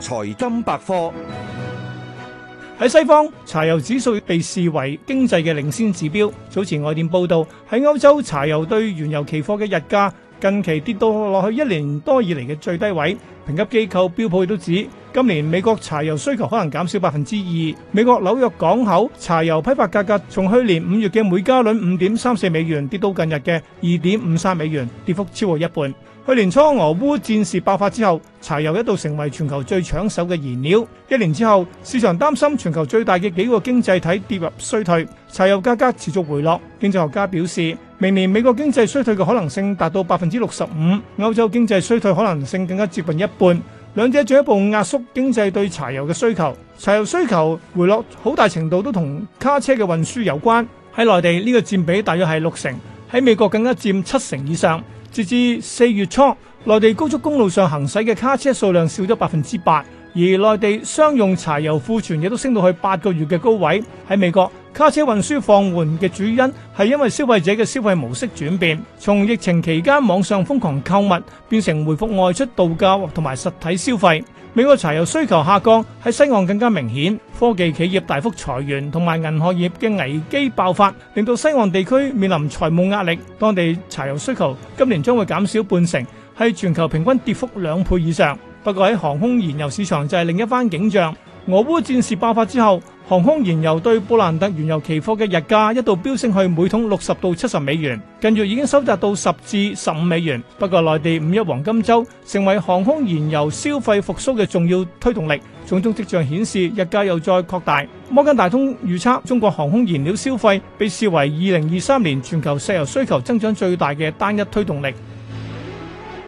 財金百科，喺西方，柴油指數被視為經濟嘅領先指標。早前外電報道，喺歐洲，柴油對原油期貨嘅日價。近期跌到落去一年多以嚟嘅最低位，評級機構標普亦都指今年美國柴油需求可能減少百分之二。美國紐約港口柴油批發價格從去年五月嘅每加侖五點三四美元跌到近日嘅二點五三美元，跌幅超過一半。去年初俄烏戰事爆發之後，柴油一度成為全球最搶手嘅燃料。一年之後，市場擔心全球最大嘅幾個經濟體跌入衰退，柴油價格持續回落。經濟學家表示。明年美國經濟衰退嘅可能性達到百分之六十五，歐洲經濟衰退可能性更加接近一半，兩者進一步壓縮經濟對柴油嘅需求。柴油需求回落好大程度都同卡車嘅運輸有關。喺內地，呢個佔比大約係六成，喺美國更加佔七成以上。截至四月初，內地高速公路上行駛嘅卡車數量少咗百分之八。而內地商用柴油庫存亦都升到去八個月嘅高位。喺美國，卡車運輸放緩嘅主因係因為消費者嘅消費模式轉變，從疫情期間網上瘋狂購物變成回覆外出度假同埋實體消費。美國柴油需求下降喺西岸更加明顯。科技企業大幅裁員同埋銀行業嘅危機爆發，令到西岸地區面臨財務壓力，當地柴油需求今年將會減少半成，係全球平均跌幅兩倍以上。不過喺航空燃油市場就係另一番景象。俄烏戰事爆發之後，航空燃油對布蘭特原油期貨嘅日價一度飆升去每桶六十到七十美元，近月已經收窄到十至十五美元。不過內地五一黃金週成為航空燃油消費復甦嘅重要推動力，種種跡象顯示日價又再擴大。摩根大通預測，中國航空燃料消費被視為二零二三年全球石油需求增長最大嘅單一推動力。